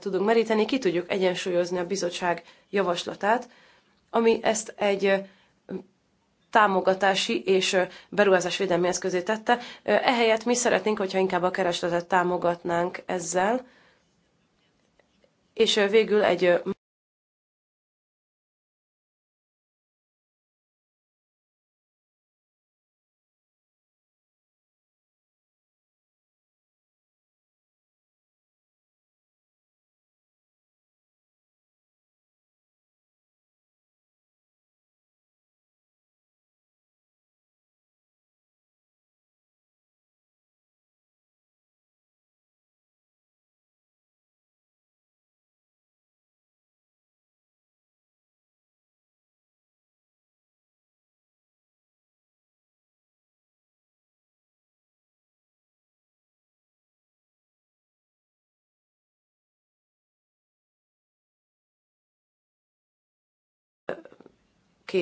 tudunk meríteni, ki tudjuk egyensúlyozni a bizottság javaslatát, ami ezt egy támogatási és védelmi eszközé tette. Ehelyett mi szeretnénk, hogyha inkább a keresletet támogatnánk ezzel, és végül egy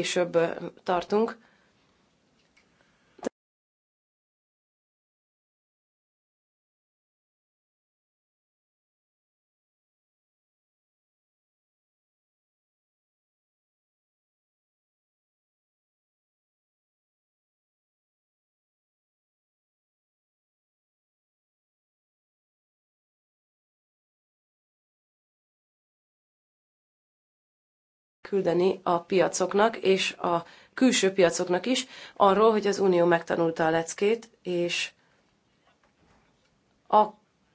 később tartunk. küldeni a piacoknak és a külső piacoknak is arról, hogy az Unió megtanulta a leckét, és a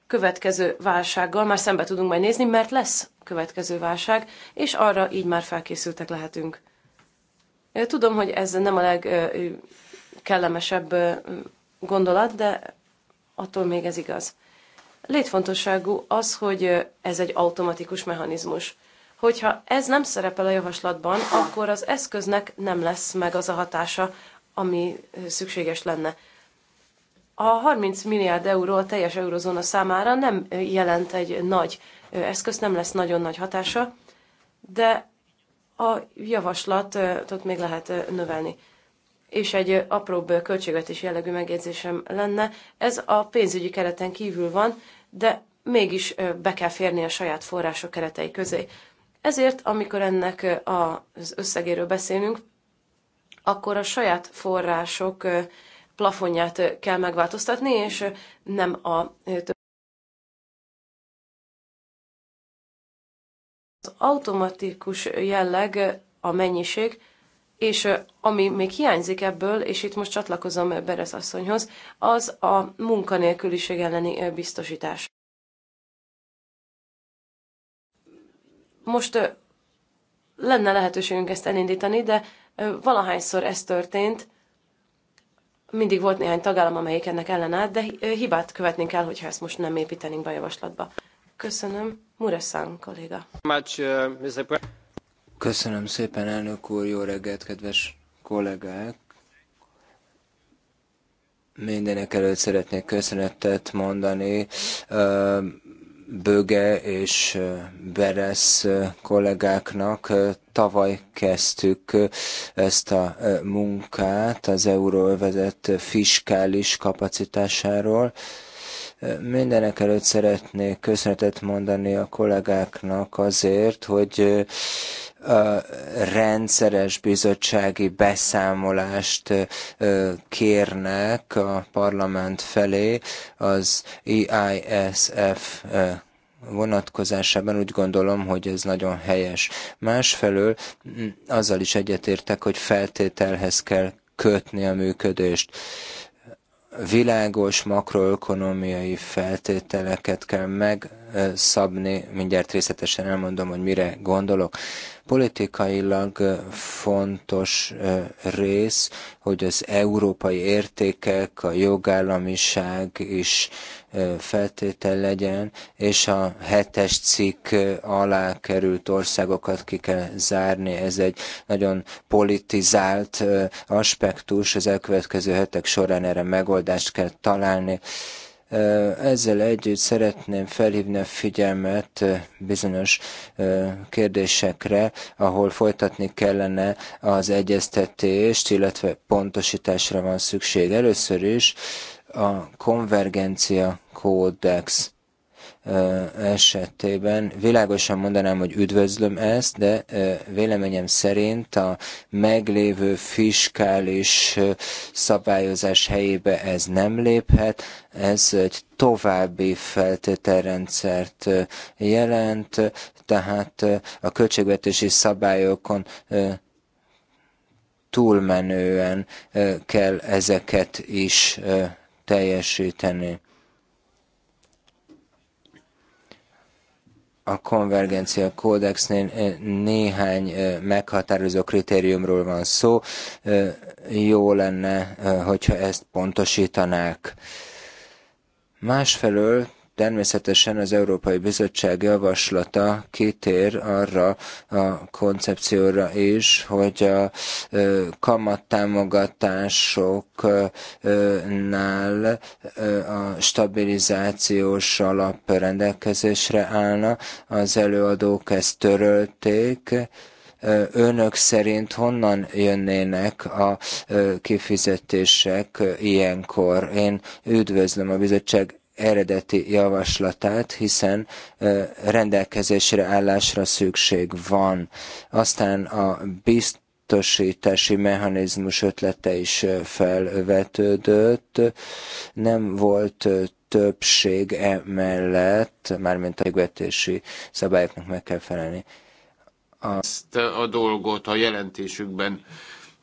következő válsággal már szembe tudunk majd nézni, mert lesz következő válság, és arra így már felkészültek lehetünk. Tudom, hogy ez nem a legkellemesebb gondolat, de attól még ez igaz. Létfontosságú az, hogy ez egy automatikus mechanizmus. Hogyha ez nem szerepel a javaslatban, akkor az eszköznek nem lesz meg az a hatása, ami szükséges lenne. A 30 milliárd euró a teljes eurozóna számára nem jelent egy nagy eszköz, nem lesz nagyon nagy hatása, de a javaslatot még lehet növelni. És egy apróbb költségvetési jellegű megjegyzésem lenne, ez a pénzügyi kereten kívül van, de mégis be kell férni a saját források keretei közé. Ezért, amikor ennek az összegéről beszélünk, akkor a saját források plafonját kell megváltoztatni, és nem a az automatikus jelleg a mennyiség, és ami még hiányzik ebből, és itt most csatlakozom Berez asszonyhoz, az a munkanélküliség elleni biztosítás. Most lenne lehetőségünk ezt elindítani, de valahányszor ez történt, mindig volt néhány tagállam, amelyik ennek ellenállt, de hibát követni kell, hogyha ezt most nem építenénk be a javaslatba. Köszönöm. Muresan kolléga. Köszönöm szépen, elnök úr, jó reggelt, kedves kollégák! Mindenek előtt szeretnék köszönetet mondani Böge és Beresz kollégáknak tavaly kezdtük ezt a munkát az euróvezet fiskális kapacitásáról. Mindenek előtt szeretnék köszönetet mondani a kollégáknak azért, hogy rendszeres bizottsági beszámolást kérnek a parlament felé az EISF vonatkozásában úgy gondolom, hogy ez nagyon helyes. Másfelől azzal is egyetértek, hogy feltételhez kell kötni a működést világos makroökonomiai feltételeket kell megszabni, mindjárt részletesen elmondom, hogy mire gondolok. Politikailag fontos rész, hogy az európai értékek, a jogállamiság is feltétel legyen, és a hetes cikk alá került országokat ki kell zárni. Ez egy nagyon politizált aspektus, az elkövetkező hetek során erre megoldást kell találni. Ezzel együtt szeretném felhívni a figyelmet bizonyos kérdésekre, ahol folytatni kellene az egyeztetést, illetve pontosításra van szükség. Először is a konvergencia kódex esetében világosan mondanám, hogy üdvözlöm ezt, de véleményem szerint a meglévő fiskális szabályozás helyébe ez nem léphet, ez egy további feltételrendszert jelent, tehát a költségvetési szabályokon túlmenően kell ezeket is teljesíteni. A konvergencia kódexnél eh, néhány eh, meghatározó kritériumról van szó. Eh, jó lenne, hogyha ezt pontosítanák. Másfelől Természetesen az Európai Bizottság javaslata kitér arra a koncepcióra is, hogy a kamattámogatásoknál a stabilizációs alap rendelkezésre állna. Az előadók ezt törölték önök szerint honnan jönnének a kifizetések ilyenkor? Én üdvözlöm a bizottság eredeti javaslatát, hiszen rendelkezésre állásra szükség van. Aztán a biztosítási mechanizmus ötlete is felvetődött. Nem volt többség emellett, mármint a jogvetési szabályoknak meg kell felelni. A... Ezt a dolgot a jelentésükben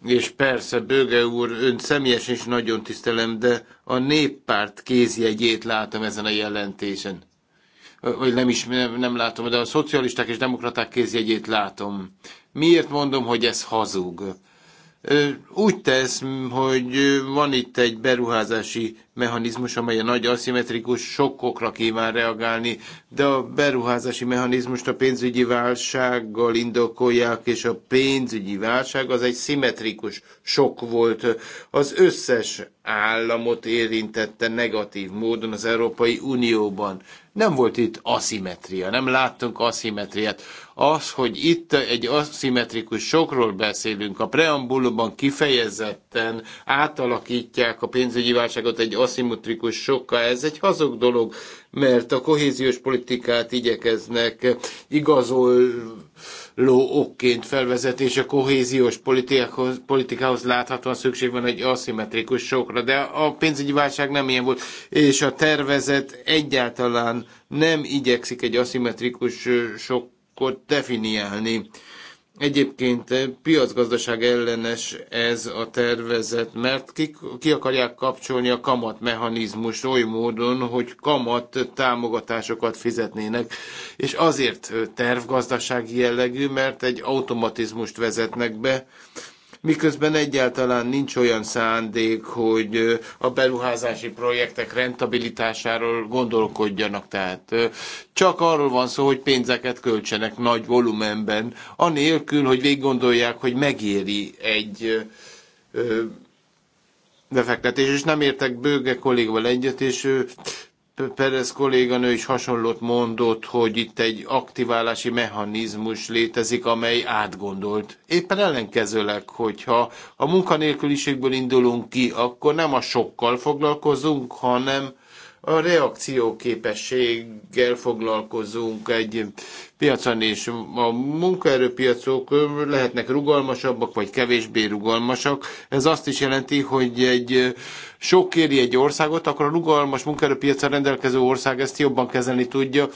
és persze, Böge úr, ön személyesen is nagyon tisztelem, de a néppárt kézjegyét látom ezen a jelentésen. Vagy nem is, nem, nem látom, de a szocialisták és demokraták kézjegyét látom. Miért mondom, hogy ez hazug? úgy tesz, hogy van itt egy beruházási mechanizmus, amely a nagy aszimmetrikus sokkokra kíván reagálni, de a beruházási mechanizmust a pénzügyi válsággal indokolják, és a pénzügyi válság az egy szimmetrikus sok volt. Az összes államot érintette negatív módon az Európai Unióban. Nem volt itt aszimetria, nem láttunk aszimetriát az, hogy itt egy aszimmetrikus sokról beszélünk, a preambulumban kifejezetten átalakítják a pénzügyi válságot egy aszimmetrikus sokká, ez egy hazug dolog, mert a kohéziós politikát igyekeznek igazoló okként felvezetni, és a kohéziós politikához, politikához láthatóan szükség van egy aszimmetrikus sokra, de a pénzügyi válság nem ilyen volt, és a tervezet egyáltalán nem igyekszik egy aszimmetrikus sok akkor definiálni. Egyébként piacgazdaság ellenes ez a tervezet, mert ki, ki akarják kapcsolni a kamatmechanizmust oly módon, hogy kamat támogatásokat fizetnének, és azért tervgazdasági jellegű, mert egy automatizmust vezetnek be, miközben egyáltalán nincs olyan szándék, hogy a beruházási projektek rentabilitásáról gondolkodjanak. Tehát csak arról van szó, hogy pénzeket költsenek nagy volumenben, anélkül, hogy gondolják, hogy megéri egy befektetés, és nem értek bőge kollégával egyet, és ő Perez kolléganő is hasonlót mondott, hogy itt egy aktiválási mechanizmus létezik, amely átgondolt. Éppen ellenkezőleg, hogyha a munkanélküliségből indulunk ki, akkor nem a sokkal foglalkozunk, hanem a reakcióképességgel foglalkozunk egy piacon, és a munkaerőpiacok lehetnek rugalmasabbak, vagy kevésbé rugalmasak. Ez azt is jelenti, hogy egy sok kéri egy országot, akkor a rugalmas munkaerőpiacra rendelkező ország ezt jobban kezelni tudja,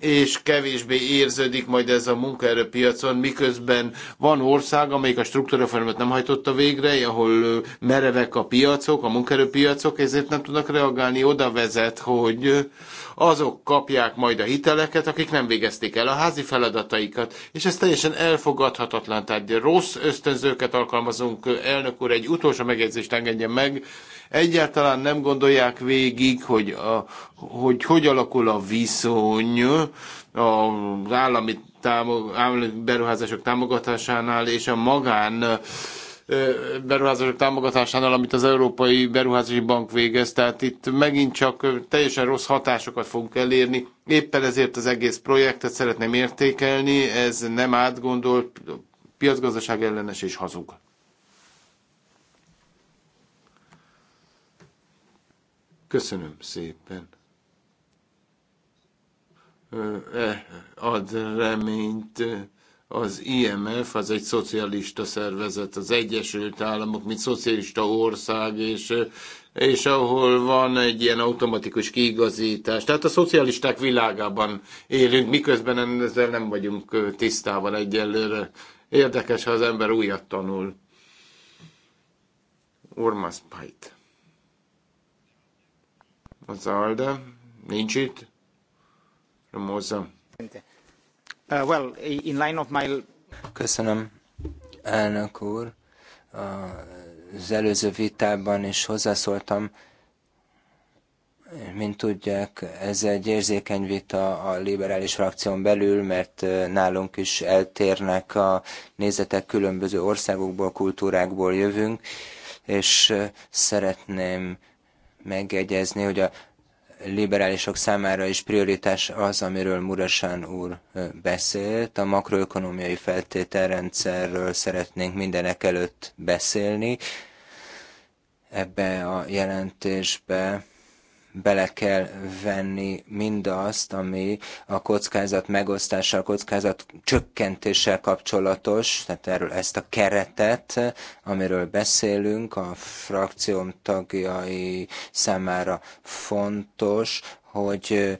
és kevésbé érződik majd ez a munkaerőpiacon, miközben van ország, amelyik a struktúrareformot nem hajtotta végre, ahol merevek a piacok, a munkaerőpiacok, ezért nem tudnak reagálni, oda vezet, hogy azok kapják majd a hiteleket, akik nem végezték el a házi feladataikat, és ez teljesen elfogadhatatlan, tehát rossz ösztönzőket alkalmazunk. Elnök úr, egy utolsó megjegyzést engedjen meg, Egyáltalán nem gondolják végig, hogy, a, hogy hogy alakul a viszony az állami, támog, állami beruházások támogatásánál és a magán beruházások támogatásánál, amit az Európai Beruházási Bank végez. Tehát itt megint csak teljesen rossz hatásokat fogunk elérni. Éppen ezért az egész projektet szeretném értékelni, ez nem átgondolt, piacgazdaság ellenes és hazug. Köszönöm szépen. E, ad reményt az IMF, az egy szocialista szervezet, az Egyesült Államok, mint szocialista ország, és, és ahol van egy ilyen automatikus kiigazítás. Tehát a szocialisták világában élünk, miközben ezzel nem vagyunk tisztában egyelőre. Érdekes, ha az ember újat tanul. Ormas Pajt. Az Alda nincs itt. Ramóza. Uh, well, in line of my... Köszönöm, elnök úr. Az előző vitában is hozzászóltam, mint tudják, ez egy érzékeny vita a liberális frakción belül, mert uh, nálunk is eltérnek a nézetek különböző országokból, kultúrákból jövünk, és uh, szeretném megjegyezni, hogy a liberálisok számára is prioritás az, amiről Murasán úr beszélt. A makroökonomiai feltételrendszerről szeretnénk mindenek előtt beszélni. Ebbe a jelentésbe bele kell venni mindazt, ami a kockázat megosztással, kockázat csökkentéssel kapcsolatos, tehát erről ezt a keretet, amiről beszélünk, a frakcióm tagjai számára fontos, hogy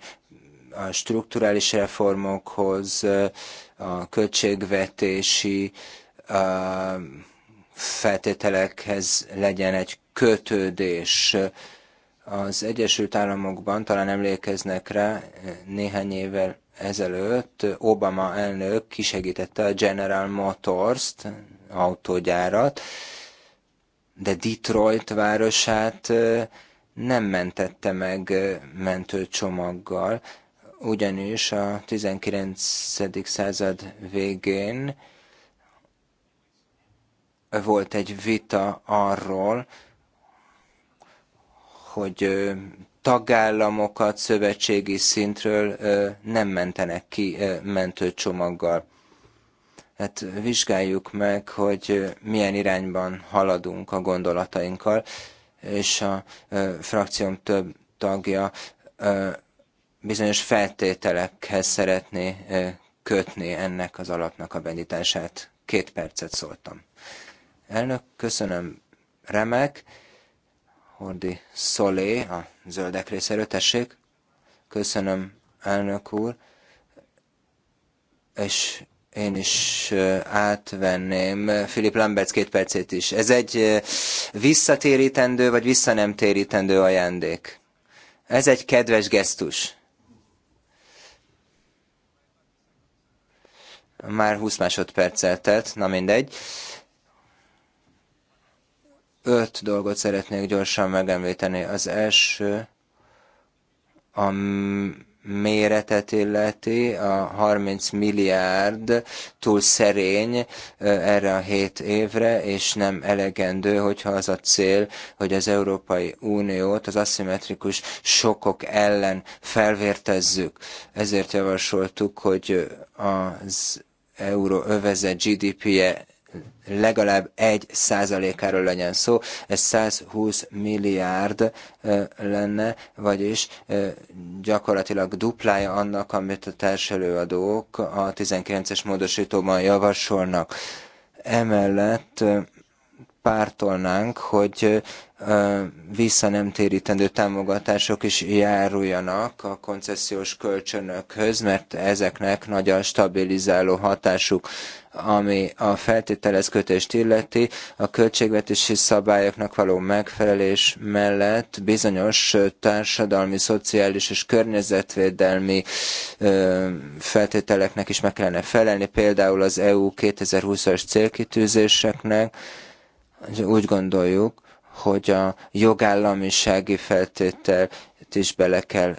a strukturális reformokhoz, a költségvetési feltételekhez legyen egy kötődés, az Egyesült Államokban talán emlékeznek rá néhány évvel ezelőtt Obama elnök kisegítette a General Motors-t, autógyárat, de Detroit városát nem mentette meg mentőcsomaggal, ugyanis a 19. század végén volt egy vita arról, hogy tagállamokat szövetségi szintről nem mentenek ki mentőcsomaggal. Hát vizsgáljuk meg, hogy milyen irányban haladunk a gondolatainkkal, és a frakcióm több tagja bizonyos feltételekhez szeretné kötni ennek az alapnak a benyitását. Két percet szóltam. Elnök, köszönöm, remek. Hordi Szolé, a zöldek részéről, tessék. Köszönöm, elnök úr. És én is átvenném Filip Lamberts két percét is. Ez egy visszatérítendő, vagy visszanemtérítendő ajándék. Ez egy kedves gesztus. Már 20 másodperc eltelt, na mindegy. Öt dolgot szeretnék gyorsan megemlíteni. Az első a méretet illeti, a 30 milliárd túl szerény erre a hét évre, és nem elegendő, hogyha az a cél, hogy az Európai Uniót az aszimmetrikus sokok ellen felvértezzük. Ezért javasoltuk, hogy az euró övezet GDP-je legalább egy százalékáról legyen szó, ez 120 milliárd lenne, vagyis gyakorlatilag duplája annak, amit a társelőadók a 19-es módosítóban javasolnak. Emellett pártolnánk, hogy vissza nem térítendő támogatások is járuljanak a koncesziós kölcsönökhöz, mert ezeknek nagy a stabilizáló hatásuk ami a feltételez kötést illeti, a költségvetési szabályoknak való megfelelés mellett bizonyos társadalmi, szociális és környezetvédelmi feltételeknek is meg kellene felelni, például az EU 2020-as célkitűzéseknek. Úgy gondoljuk, hogy a jogállamisági feltétel is bele kell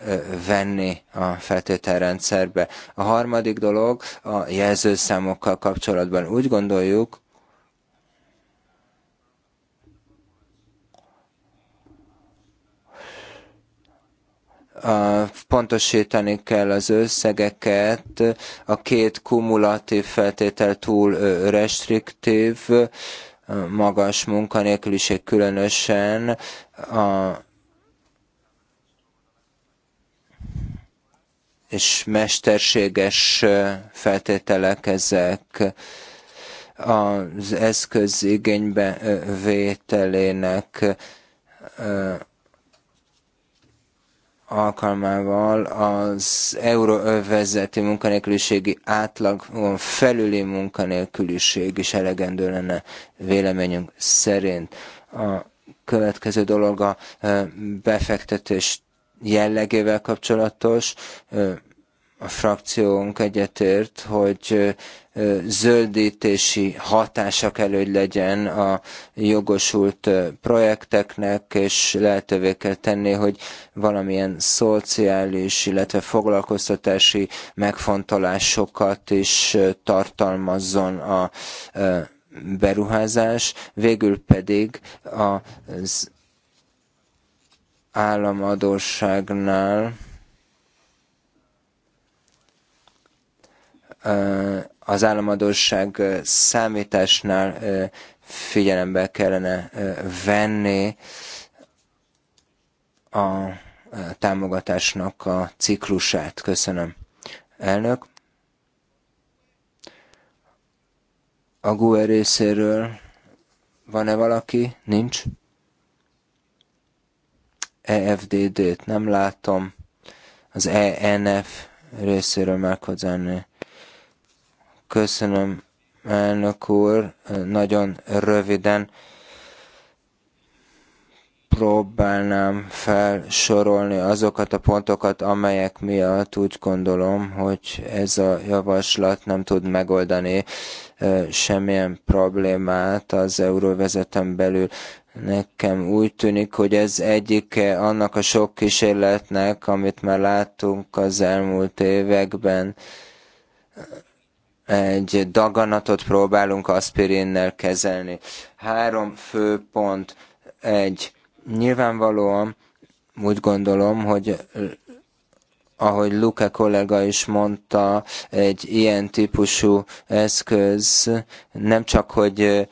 venni a feltételrendszerbe. A harmadik dolog a jelzőszámokkal kapcsolatban. Úgy gondoljuk, pontosítani kell az összegeket, a két kumulatív feltétel túl restriktív, magas munkanélküliség különösen, a és mesterséges feltételek ezek az eszköz igénybe vételének alkalmával az euróövezeti munkanélküliségi átlagon felüli munkanélküliség is elegendő lenne véleményünk szerint. A következő dolog a befektetés jellegével kapcsolatos. A frakciónk egyetért, hogy zöldítési hatása kell, hogy legyen a jogosult projekteknek, és lehetővé kell tenni, hogy valamilyen szociális, illetve foglalkoztatási megfontolásokat is tartalmazzon a beruházás, végül pedig az államadóságnál az államadóság számításnál figyelembe kellene venni a támogatásnak a ciklusát. Köszönöm. Elnök. A GUE részéről van-e valaki? Nincs. EFDD-t nem látom, az ENF részéről meghozzánő. Köszönöm, elnök úr, nagyon röviden próbálnám felsorolni azokat a pontokat, amelyek miatt úgy gondolom, hogy ez a javaslat nem tud megoldani semmilyen problémát az euróvezeten belül. Nekem úgy tűnik, hogy ez egyike annak a sok kísérletnek, amit már láttunk az elmúlt években. Egy daganatot próbálunk aspirinnel kezelni. Három fő pont. Egy. Nyilvánvalóan úgy gondolom, hogy ahogy Luke kollega is mondta, egy ilyen típusú eszköz nem csak, hogy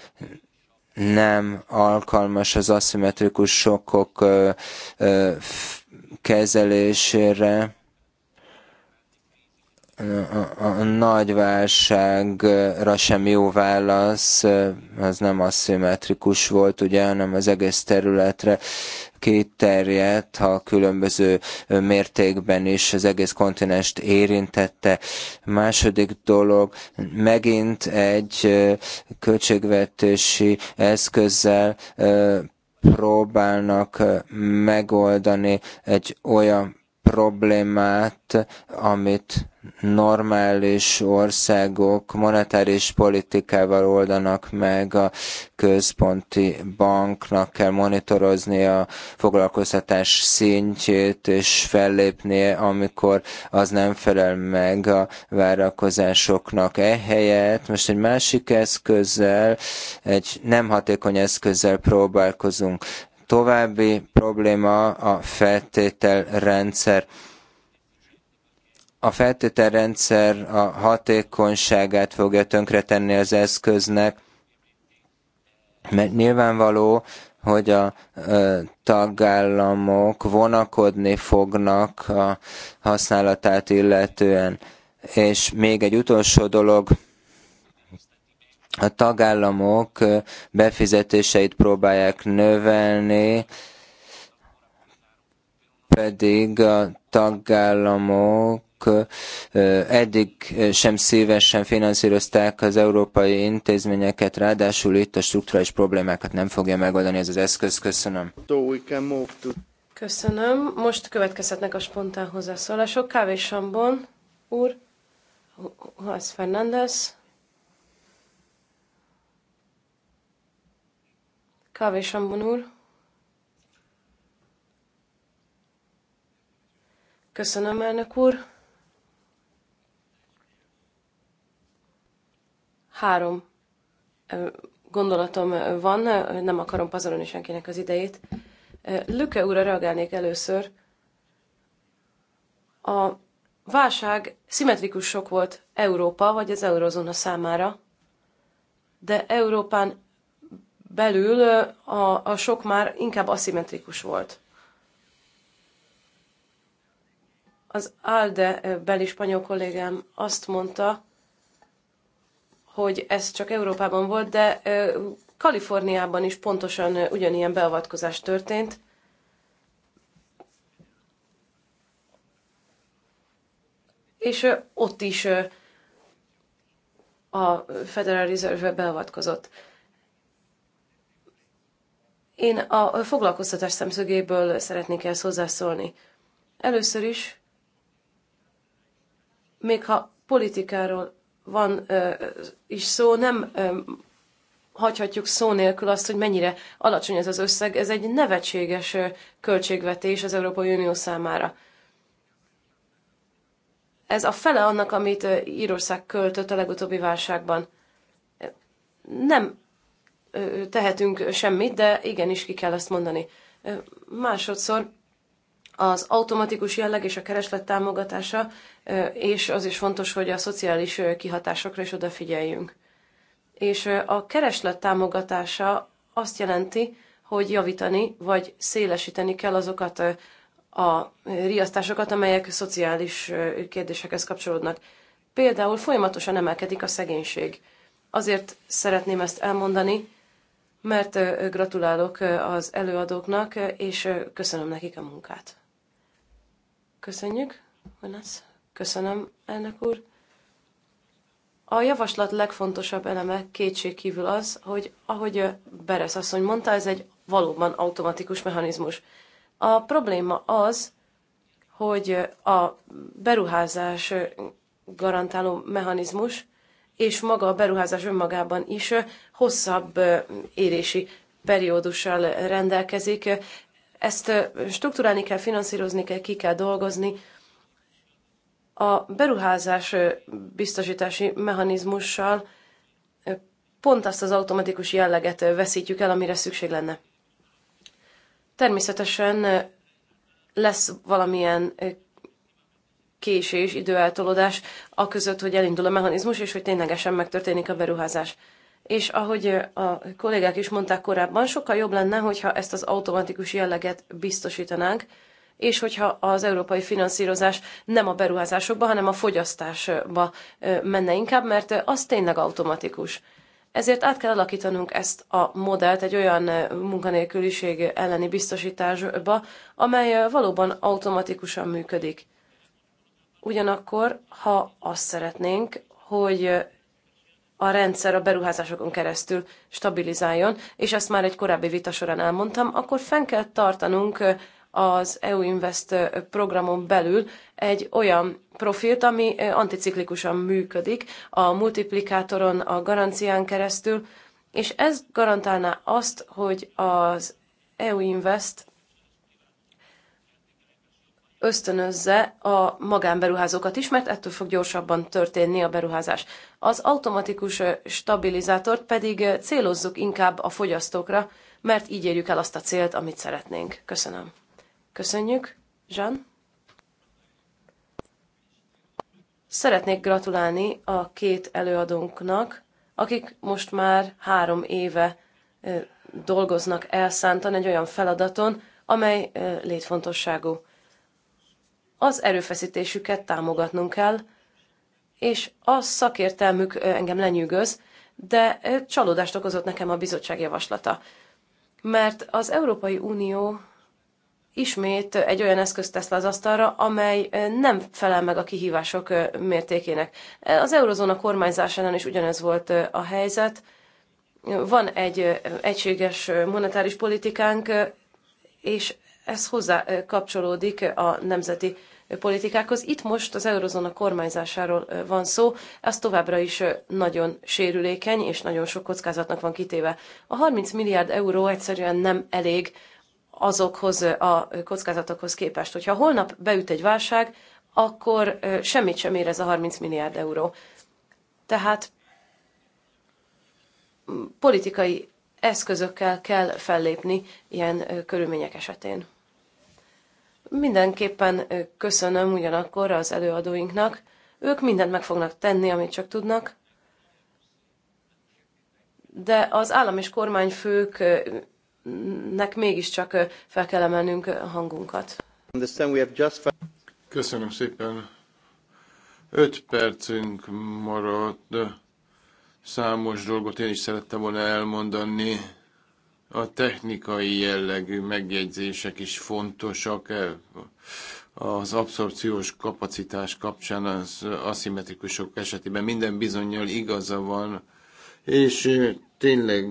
nem alkalmas az aszimmetrikus sokkok kezelésére a, a nagy válságra sem jó válasz, az nem aszimmetrikus volt, ugye, hanem az egész területre kiterjedt, ha különböző mértékben is az egész kontinest érintette. Második dolog, megint egy költségvetési eszközzel próbálnak megoldani egy olyan problémát, amit normális országok monetáris politikával oldanak meg, a központi banknak kell monitorozni a foglalkoztatás szintjét, és fellépnie, amikor az nem felel meg a várakozásoknak. Ehelyett most egy másik eszközzel, egy nem hatékony eszközzel próbálkozunk. További probléma a feltételrendszer. rendszer a feltételrendszer a hatékonyságát fogja tönkretenni az eszköznek, mert nyilvánvaló, hogy a ö, tagállamok vonakodni fognak a használatát illetően. És még egy utolsó dolog, a tagállamok befizetéseit próbálják növelni, pedig a tagállamok eddig sem szívesen finanszírozták az európai intézményeket, ráadásul itt a struktúrális problémákat nem fogja megoldani ez az eszköz. Köszönöm. Köszönöm. Most következhetnek a spontán hozzászólások. Kávé Sambon úr, Juárez Fernández, Kávé Sambon úr. Köszönöm, elnök úr. Három gondolatom van, nem akarom pazarolni senkinek az idejét. Lüke úrra reagálnék először. A válság szimmetrikus sok volt Európa vagy az eurozóna számára, de Európán belül a, a sok már inkább aszimmetrikus volt. Az ALDE beli spanyol kollégám azt mondta, hogy ez csak Európában volt, de Kaliforniában is pontosan ugyanilyen beavatkozás történt. És ott is a Federal Reserve beavatkozott. Én a foglalkoztatás szemszögéből szeretnék ezt hozzászólni. Először is, még ha politikáról van is szó, nem hagyhatjuk szó nélkül azt, hogy mennyire alacsony ez az összeg. Ez egy nevetséges költségvetés az Európai Unió számára. Ez a fele annak, amit Írország költött a legutóbbi válságban. Nem tehetünk semmit, de igenis ki kell ezt mondani. Másodszor az automatikus jelleg és a kereslet támogatása, és az is fontos, hogy a szociális kihatásokra is odafigyeljünk. És a kereslet támogatása azt jelenti, hogy javítani vagy szélesíteni kell azokat a riasztásokat, amelyek szociális kérdésekhez kapcsolódnak. Például folyamatosan emelkedik a szegénység. Azért szeretném ezt elmondani, mert gratulálok az előadóknak, és köszönöm nekik a munkát. Köszönjük, Vanasz. Köszönöm, elnök úr. A javaslat legfontosabb eleme kétség kívül az, hogy ahogy Beresz asszony mondta, ez egy valóban automatikus mechanizmus. A probléma az, hogy a beruházás garantáló mechanizmus és maga a beruházás önmagában is hosszabb érési periódussal rendelkezik, ezt strukturálni kell, finanszírozni kell, ki kell dolgozni. A beruházás biztosítási mechanizmussal pont azt az automatikus jelleget veszítjük el, amire szükség lenne. Természetesen lesz valamilyen késés, időeltolódás, aközött, hogy elindul a mechanizmus, és hogy ténylegesen megtörténik a beruházás és ahogy a kollégák is mondták korábban, sokkal jobb lenne, hogyha ezt az automatikus jelleget biztosítanánk, és hogyha az európai finanszírozás nem a beruházásokba, hanem a fogyasztásba menne inkább, mert az tényleg automatikus. Ezért át kell alakítanunk ezt a modellt egy olyan munkanélküliség elleni biztosításba, amely valóban automatikusan működik. Ugyanakkor, ha azt szeretnénk, hogy a rendszer a beruházásokon keresztül stabilizáljon, és ezt már egy korábbi vita során elmondtam, akkor fenn kell tartanunk az EU Invest programon belül egy olyan profilt, ami anticiklikusan működik, a multiplikátoron, a garancián keresztül, és ez garantálná azt, hogy az EU Invest ösztönözze a magánberuházókat is, mert ettől fog gyorsabban történni a beruházás. Az automatikus stabilizátort pedig célozzuk inkább a fogyasztókra, mert így érjük el azt a célt, amit szeretnénk. Köszönöm. Köszönjük. Jean? Szeretnék gratulálni a két előadónknak, akik most már három éve dolgoznak elszántan egy olyan feladaton, amely létfontosságú az erőfeszítésüket támogatnunk kell, és a szakértelmük engem lenyűgöz, de csalódást okozott nekem a bizottság javaslata. Mert az Európai Unió ismét egy olyan eszközt tesz le az asztalra, amely nem felel meg a kihívások mértékének. Az eurozóna kormányzásánál is ugyanez volt a helyzet. Van egy egységes monetáris politikánk, és ez hozzá kapcsolódik a nemzeti politikákhoz. Itt most az eurozóna kormányzásáról van szó, ez továbbra is nagyon sérülékeny, és nagyon sok kockázatnak van kitéve. A 30 milliárd euró egyszerűen nem elég azokhoz a kockázatokhoz képest. Hogyha holnap beüt egy válság, akkor semmit sem ér ez a 30 milliárd euró. Tehát politikai eszközökkel kell fellépni ilyen körülmények esetén. Mindenképpen köszönöm ugyanakkor az előadóinknak. Ők mindent meg fognak tenni, amit csak tudnak. De az állam és kormányfőknek mégiscsak fel kell emelnünk hangunkat. Köszönöm szépen. Öt percünk maradt. Számos dolgot én is szerettem volna elmondani a technikai jellegű megjegyzések is fontosak. Az abszorpciós kapacitás kapcsán az aszimmetrikusok esetében minden bizonyal igaza van, és tényleg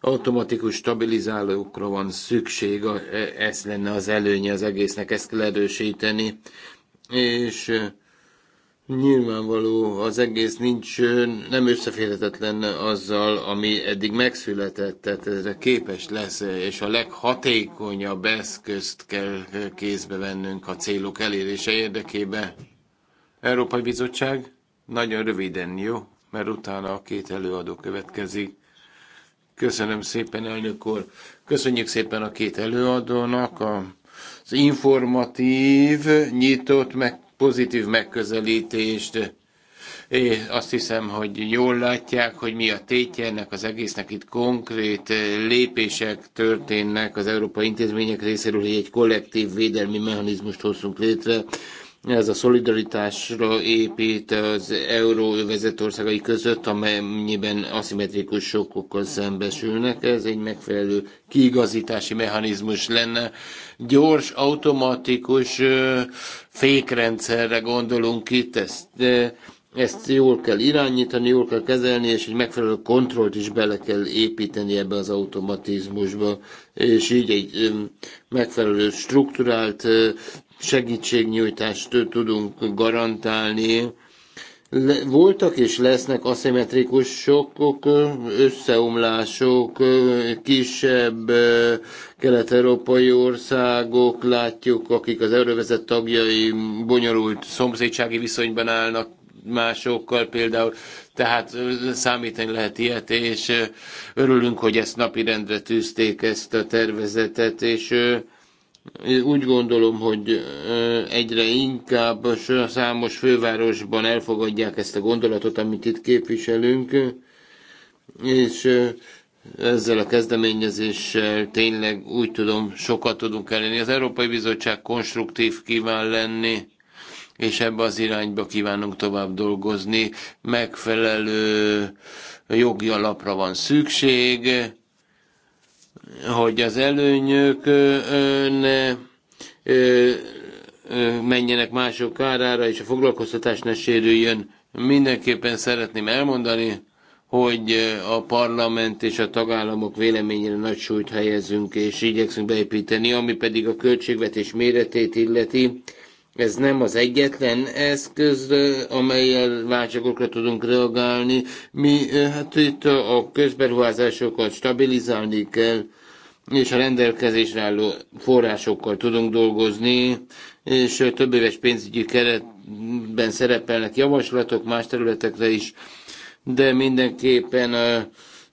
automatikus stabilizálókra van szükség, e, ez lenne az előnye az egésznek, ezt kell erősíteni, és Nyilvánvaló, az egész nincs, nem összeférhetetlen azzal, ami eddig megszületett, tehát ezre képes lesz, és a leghatékonyabb eszközt kell kézbe vennünk a célok elérése érdekében. Európai Bizottság, nagyon röviden, jó? Mert utána a két előadó következik. Köszönöm szépen, elnök úr. Köszönjük szépen a két előadónak a az informatív, nyitott, meg pozitív megközelítést. Én azt hiszem, hogy jól látják, hogy mi a tétje ennek az egésznek. Itt konkrét lépések történnek az európai intézmények részéről, hogy egy kollektív védelmi mechanizmust hozzunk létre ez a szolidaritásra épít az euró országai között, amennyiben aszimmetrikus sokokkal szembesülnek. Ez egy megfelelő kiigazítási mechanizmus lenne. Gyors, automatikus fékrendszerre gondolunk itt, ezt, ezt jól kell irányítani, jól kell kezelni, és egy megfelelő kontrollt is bele kell építeni ebbe az automatizmusba, és így egy megfelelő strukturált segítségnyújtást tudunk garantálni. Voltak és lesznek aszimetrikus sokkok, összeomlások, kisebb kelet-európai országok, látjuk, akik az euróvezet tagjai bonyolult szomszédsági viszonyban állnak másokkal például, tehát számítani lehet ilyet, és örülünk, hogy ezt napirendre tűzték ezt a tervezetet, és úgy gondolom, hogy egyre inkább számos fővárosban elfogadják ezt a gondolatot, amit itt képviselünk, és ezzel a kezdeményezéssel tényleg úgy tudom, sokat tudunk elérni. Az Európai Bizottság konstruktív kíván lenni, és ebbe az irányba kívánunk tovább dolgozni. Megfelelő jogi alapra van szükség, hogy az előnyök ne menjenek mások kárára és a foglalkoztatás ne sérüljön. Mindenképpen szeretném elmondani, hogy a parlament és a tagállamok véleményére nagy súlyt helyezünk, és igyekszünk beépíteni, ami pedig a költségvetés méretét illeti. Ez nem az egyetlen eszköz, amelyel válságokra tudunk reagálni. Mi hát itt a közberuházásokat stabilizálni kell, és a rendelkezésre álló forrásokkal tudunk dolgozni, és több éves pénzügyi keretben szerepelnek javaslatok más területekre is, de mindenképpen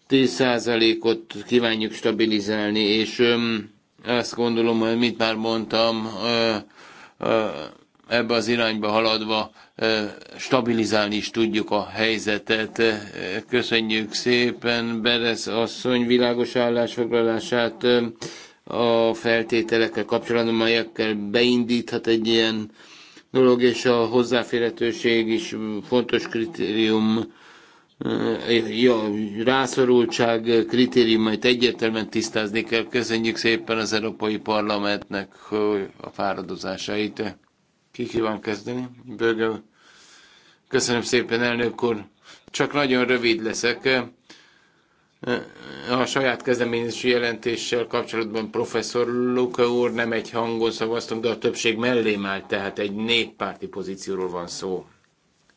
10%-ot kívánjuk stabilizálni, és azt gondolom, hogy mit már mondtam, ebbe az irányba haladva stabilizálni is tudjuk a helyzetet. Köszönjük szépen Beres asszony világos állásfoglalását a feltételekkel kapcsolatban, amelyekkel beindíthat egy ilyen dolog, és a hozzáférhetőség is fontos kritérium, ja, rászorultság majd egyértelműen tisztázni kell. Köszönjük szépen az Európai Parlamentnek a fáradozásait. Ki kíván kezdeni? Börge. Köszönöm szépen, elnök úr. Csak nagyon rövid leszek. A saját kezdeményezési jelentéssel kapcsolatban professzor Luka úr nem egy hangon szavaztunk, de a többség mellé áll, tehát egy néppárti pozícióról van szó.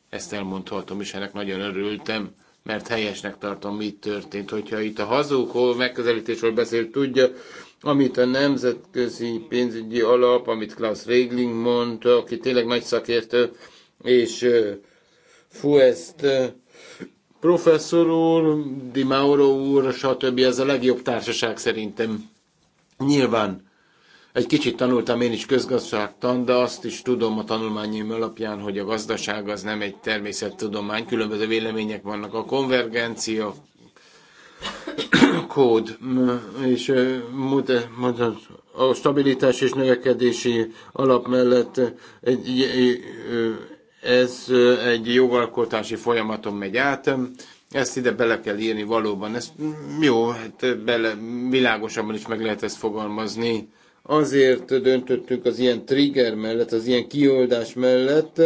Ezt elmondhatom, és ennek nagyon örültem, mert helyesnek tartom, mi történt. Hogyha itt a hazugó megközelítésről beszél, tudja, amit a nemzetközi pénzügyi alap, amit Klaus Regling mond, aki tényleg nagy szakértő, és ezt professzor úr, Di Mauro úr, stb. Ez a legjobb társaság szerintem. Nyilván egy kicsit tanultam én is közgazdaságtan, de azt is tudom a tanulmányaim alapján, hogy a gazdaság az nem egy természettudomány, különböző vélemények vannak. A konvergencia kód, és a stabilitás és növekedési alap mellett egy, ez egy jogalkotási folyamaton megy át, ezt ide bele kell írni valóban, ezt jó, hát bele, világosabban is meg lehet ezt fogalmazni. Azért döntöttünk az ilyen trigger mellett, az ilyen kioldás mellett,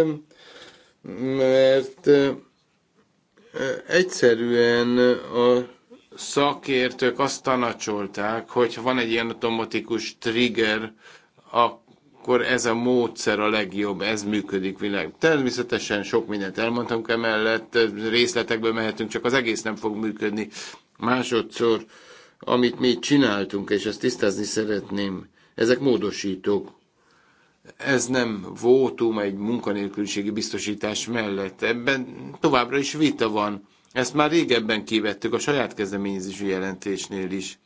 mert egyszerűen a szakértők azt tanácsolták, hogy ha van egy ilyen automatikus trigger, akkor ez a módszer a legjobb, ez működik világ. Természetesen sok mindent elmondtam emellett, részletekbe mehetünk, csak az egész nem fog működni. Másodszor, amit mi csináltunk, és ezt tisztázni szeretném, ezek módosítók. Ez nem vótum egy munkanélküliségi biztosítás mellett. Ebben továbbra is vita van ezt már régebben kivettük a saját kezdeményezési jelentésnél is.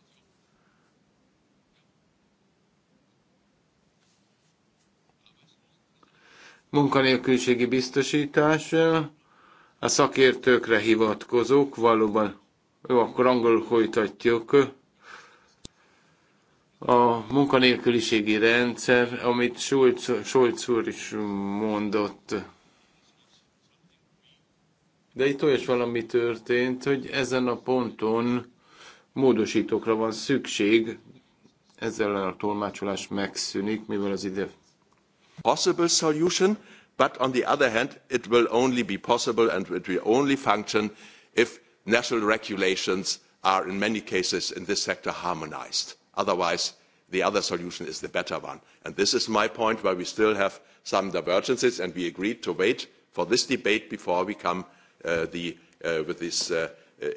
Munkanélküliségi biztosítás, a szakértőkre hivatkozók, valóban, jó, akkor angolul folytatjuk. A munkanélküliségi rendszer, amit Schulz, Schulz úr is mondott, de itt olyas valami történt, hogy ezen a ponton módosítókra van szükség, ezzel a tolmácsolás megszűnik, mivel az ide... Possible solution, but on the other hand, it will only be possible and it will only function if national regulations are in many cases in this sector harmonized. Otherwise, the other solution is the better one. And this is my point where we still have some divergences and we agreed to wait for this debate before we come Uh, the, uh, with these uh,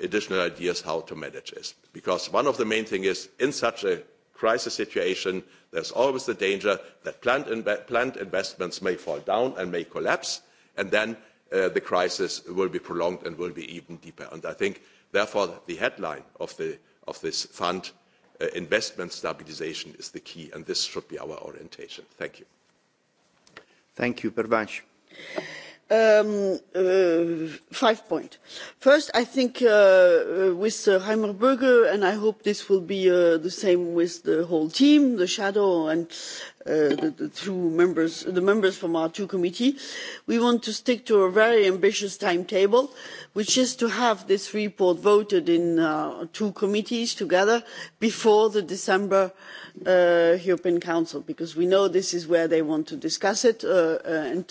additional ideas how to manage this. Because one of the main things is in such a crisis situation, there's always the danger that planned, investments may fall down and may collapse, and then uh, the crisis will be prolonged and will be even deeper. And I think, therefore, the headline of, the, of this fund, uh, investment stabilization, is the key, and this should be our orientation. Thank you. Thank you, Pervanche. Um, uh, five points. First, I think uh, uh, with uh, bge and I hope this will be the same with the whole team, the shadow, and the, members, the members from our two committees, we want to stick to a very ambitious timetable, which is to have this report voted in two committees together before the December Uh, European Council, because we know this is where they want to discuss it, uh, uh, and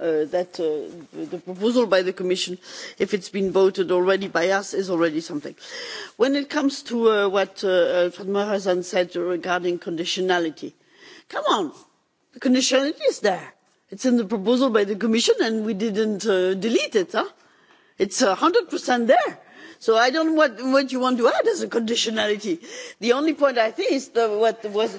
that the proposal by the Commission, if it's been voted already by us, is already something. When it comes to what Alfred Morazan said regarding conditionality, come on, the conditionality is there. It's in the proposal by the Commission, and we didn't delete it. it's one hundred there so i don't know what, you want to add as a conditionality. the only point i think is the, what was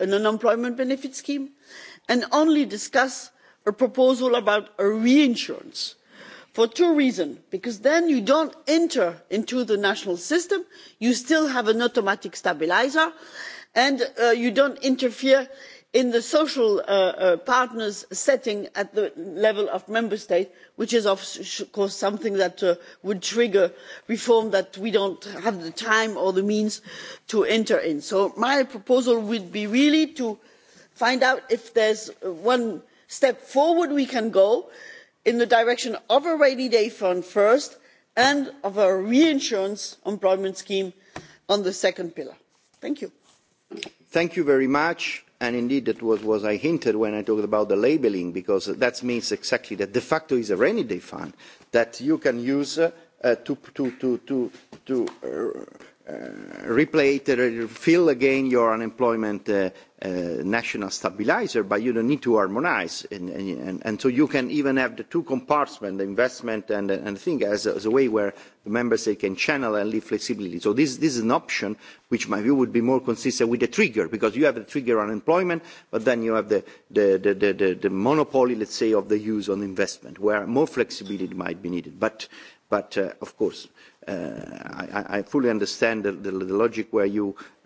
an unemployment benefit scheme and only discuss a proposal about a reinsurance for two reasons because then you don't enter into the national system you still have an automatic stabiliser and uh, you don't interfere in the social uh, uh, partners' setting at the level of member states which is of course something that uh, would trigger reform that we don't have the time or the means to enter into. so my proposal would be really to find out if there's uh, one step forward we can go in the direction of a rainy day fund first and of a reinsurance employment scheme on the second pillar. thank you and indeed that was what I hinted when I talked about the labeling, because that means exactly that de facto is a rainy day fund that you can use uh, to, to, to, to, to uh, uh, replay, to uh, fill again your unemployment uh, national stabilizer, but you don't need to harmonize. And, and, and so you can even have the two compartments, the investment and, and the thing, as, as a way where the member state can channel and leave flexibility. So this, this is an option which my view would be more consistent with the trigger, because you have the trigger on employment, but then you have the, the, the, the, the, the monopoly, let's say, of the use on investment, where more flexibility might be needed. But, but uh, of course, uh, I, I fully understand the, the, the logic where you